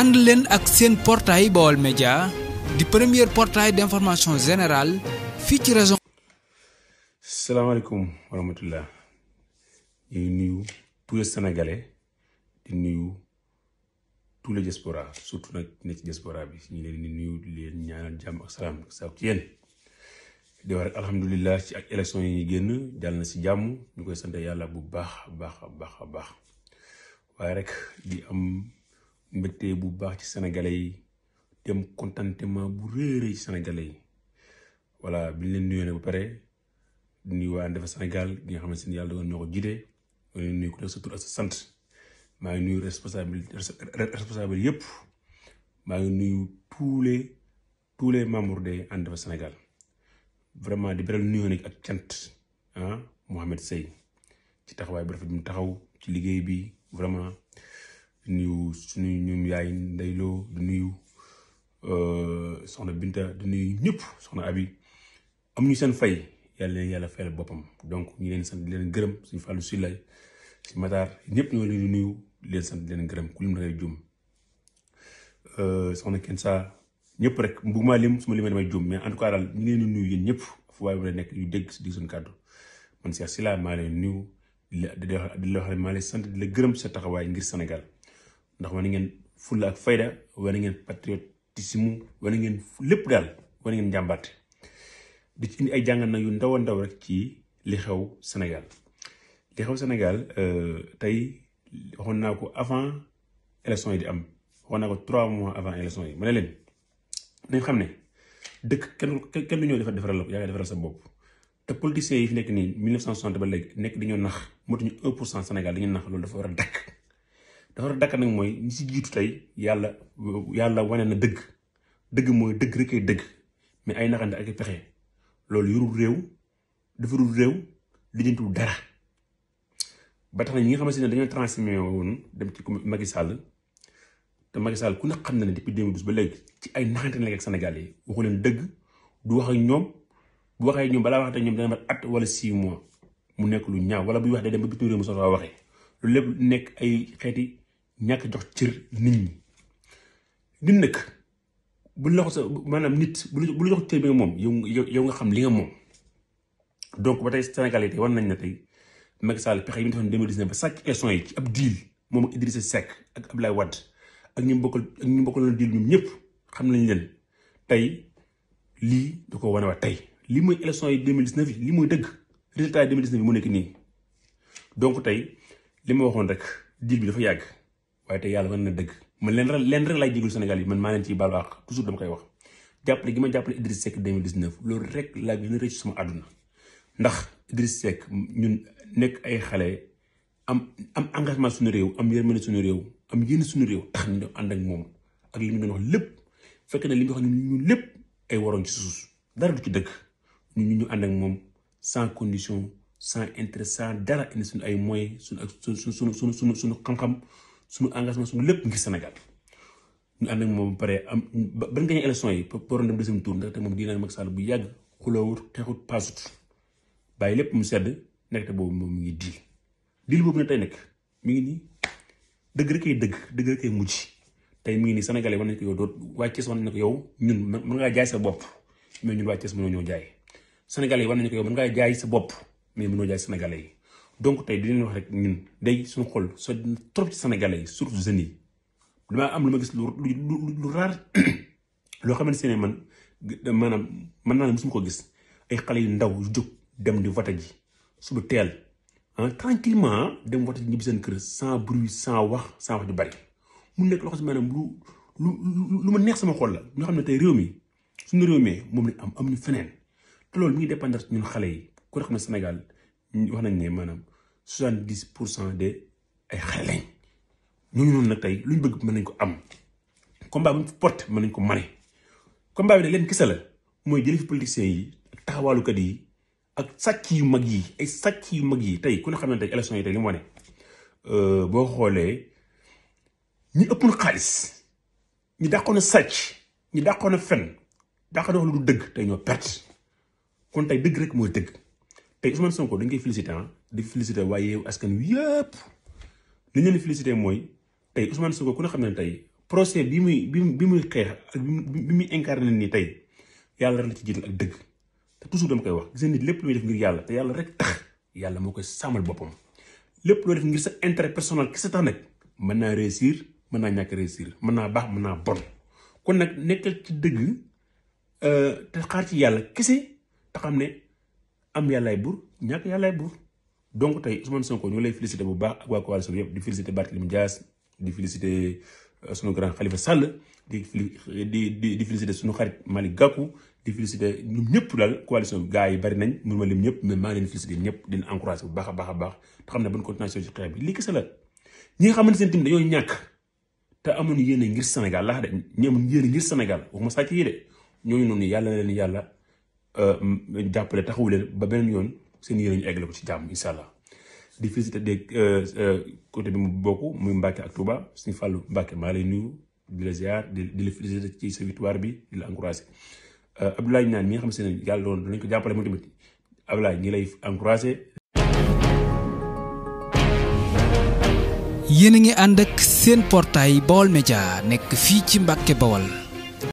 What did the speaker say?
ànd leen ak seen portail Baol Média di première portaay d'information générale fii ci région. salaamaaleykum wa rahmatullah ñuy nuyu tous les sénégalais di nuyu tous les diaspora surtout nag ne ci bi ñu leen di nuyu ak salaam sa ci yéen di wax rek ci ak élection yi génn jàll na jàmm ñu koy sant yàlla bu baax baax a baax waaye rek di am. mbégte bu baax ci sénégalais yi dem contentement bu réeré ci sénégalais yi voilà bi leen nuyoo ne ba pare nuyu waa Ndefa Sénégal gi nga xamante ni yàlla dogal ñoo ko nekk sa ak sa sant maa ngi nuyu responsabilité responsable yëpp maa ngi nuyu tous les tous les membres de Ndefa Sénégal vraiment di beral nuyoo ak cant ah Mouhamed Seye ci taxawaay bu rafet bi mu taxaw ci liggéey bi vraiment. di nuyu suñu ñoom yaay ndeyloo di nuyu euh, soxna Binta di nuyu ñëpp soxna Abi am ñu seen fay yàlla yàlla fayal boppam donc ñu leen sant di leen gërëm suñu fàllu si lay si mataar ñëpp ñoo leen nuyu di leen leen gërëm ku lim da ngay jum euh, soxna kenn saa ñëpp rek bëgguma lim su ma damay jum mais en tout cas daal ñu leen di nuyu yéen ñëpp fu waaye bu nekk ñu dégg si di suñu kàddu man Cheikh Sylla maa leen nuyu di la di la wax di la sant di la gërëm sa taxawaay ngir senegal ndax wane ngeen fulla ak fayda wane ngeen patriotisme wane ngeen lépp daal wane ngeen njàmbaate di ci indi ay jàngat nag yu ndaw ndaw rek ci li xew Sénégal li xew Sénégal euh, tey waxoon naa ko avant élection yi di am waxoon naa ko trois mois avant élection yi ma ne leen nañ xam ne dëkk kenn kenn du ñëw defar defaral la yaa ngi defaral sa bopp te politiciens yi fi nekk nii 1960 ba léegi nekk dañoo nax motuñu 1 pour cent Sénégal dañu nax loolu dafa war a dakk dafa dakk nag mooy ñi si jiitu tey yàlla yàlla wane na dëgg dëgg mooy dëgg rek dëgg mais ay naxante ak i pexe loolu yorul réew defarul réew lijjantiwul dara ba tax na ñi nga xamante ne dañoo transformé woon dem ci Macky Sall te Macky Sall ku ne xam na ne depuis 2012 ba léegi ci ay naxante la ak Sénégal yi waxu leen dëgg du wax ak ñoom bu waxee ñoom balaa waxatee ñoom dana mat at wala 6 mois mu nekk lu ñaaw wala buy wax day dem ba bitim réew mu soxla waxee loolu lépp nekk ay xeeti. ñàkk jox cër nit ñi nit nag bu la sa sa maanaam nit bu la jox cër bi nga moom yow yow nga xam li nga moom donc ba tey Sénégal yi tey war nañ na tey Macky Sall pexe yi mu defoon 2019 ba chaque élection yi ci ab diil moom ak Idrissa Seck ak Abdoulaye ak ñu bokkal ñu bokkal loon ñëpp xam nañ tey lii da ko wane tey lii mooy élection yi 2019 yi lii mooy dëgg résultat yi 2019 yi mu nekk nii donc tey li ma waxoon rek diil bi dafa yàgg waaye te yàlla mën na dëgg man leen rek leen rek laay jégul Sénégal yi man maa leen ciy baalu àq toujours dama koy wax jàppale gi ma jàppale Idriss Seck 2019 loolu rek laa gën a rëcc sama àdduna ndax Idriss Seck ñun nekk ay xale am am engagement suñu réew am yërmande suñu réew am yénn suñu réew tax ñu ànd ak moom ak li mu doon wax lépp fekk na li nga xam ne ñun lépp ay waroon ci suus dara du ci dëkk ñu ñu ànd ak moom sans condition sans intérêt sans dara indi suñu ay moyens suñu ak suñu suñu suñu suñu xam suñu engagement suñu lépp ngir Sénégal ñu ànd ak moom ba pare am ba ban gañe élection yi pour dem deuxième tour ndaxte moom dina Macky Sall bu yàgg xuloowut xeexut paasut bàyyi lépp mu sedd nekk te moom mu ngi diil diil boobu ne tey nekk mi ngi nii dëgg rek dëgg dëgg mujj tey mi ngi nii Sénégalais war nañ ko yow doot waa Thiès war yow ñun mën ngaa jaay sa bopp mais ñun waa Thiès mënoo ñoo jaay Sénégalais war nañ ko yow mën ngaa jaay sa bopp mais mënoo jaay Sénégalais yi donc tey dinañ wax rek ñun day suñu xol soo trop ci sénégalais yi surtout jeunes yi damaa am lu ma gis lu lu lu raar loo xamante ne man maanaam mën naa ne musuñu ko gis ay xale yu ndaw yu jóg dem di vote ji suba teel ah tranquillement dem vote ji ñibbi seen kër sans bruit sans wax sans ju bari mu nekk loo xam lu lu lu ma neex sama xol la ñoo xam ne tey réew mi suñu réew mi moom lañ am am ñu feneen te loolu mi ngi dépendre ñun xale yi ku ne xam ne Sénégal. wax nañ ne maanaam soixante dix pour cent de ay xale lañ ñooñu noonu nag tey luñ bëgg mën nañ ko am combat bu ñu porte mën nañ ko mane combat bi nag leen kese la mooy jëlee fi politiciens yi ak taxawaalukat yi ak sàcc yu mag yi ay sàcc yu mag yi tey ku ne xam ne tey élection yi tey li mu wane euh, boo xoolee ñi ëppoon xaalis ñi dàqoon a sàcc ñi dàqoon fen dàqoon wax lu du dëgg tey ñoo perte kon tey dëgg rek mooy dëgg tey Ousmane Sonko dañ koy félicité ah di félicité waaye yeewu askan wi yëpp li ñu leen félicité mooy tey Ousmane Sonko ku ne xam ne tey procès bi muy bi bi muy xeex ak bi muy incarné nii tey yàlla rek la ci jiital ak dëgg te toujours dama koy wax gis nit lépp looy def ngir yàlla te yàlla rek tax yàlla moo koy sàmmal boppam lépp loo def ngir sa intérêt personal kese tax nag mën naa réussir mën naa ñàkk réussir mën naa baax mën naa bon kon nag nekkal ci dëgg euh, te yàlla kese am yàllaay buur ñàkk yàllaay buur donc tey Ousmane Sonko ñu lay félicité bu baax ak waa coalition bi yëpp di félicité Barthélémy Dias di félicité euh, sunu grand Khalifa Sall di di di félicité sunu xarit Malick Gakou di félicité ñoom ñëpp daal coalition bi gars yi bari nañ mun ma lim ñëpp mais maa ngi leen félicité ñëpp di leen encouragé bu baax a baax a baax te xam ne bonne continuation ci xeex bi lii kese la ñi nga xamante seen tim dañoo ñàkk te amuñu yéene ngir Sénégal laax de ñi amuñu yéene ngir Sénégal yàlla Euh, jàppale taxawu leen ba beneen yoon seen yéene ñu eggale ko ci jàmm incha allah di visité des euh, euh, côté bi mu bokk muy Mbacke ak Touba suñu fàllu Mbacke maa lay di la ziar di di la félicité ci sa victoire bi di la encouragé Abdoulaye Niane mi nga xam se ne yàlla doon ko jàppale moom tamit Abdoulaye ñi lay encouragé. yéen a ngi ànd ak seen portail Baol Média nekk fii ci Mbacke Baol.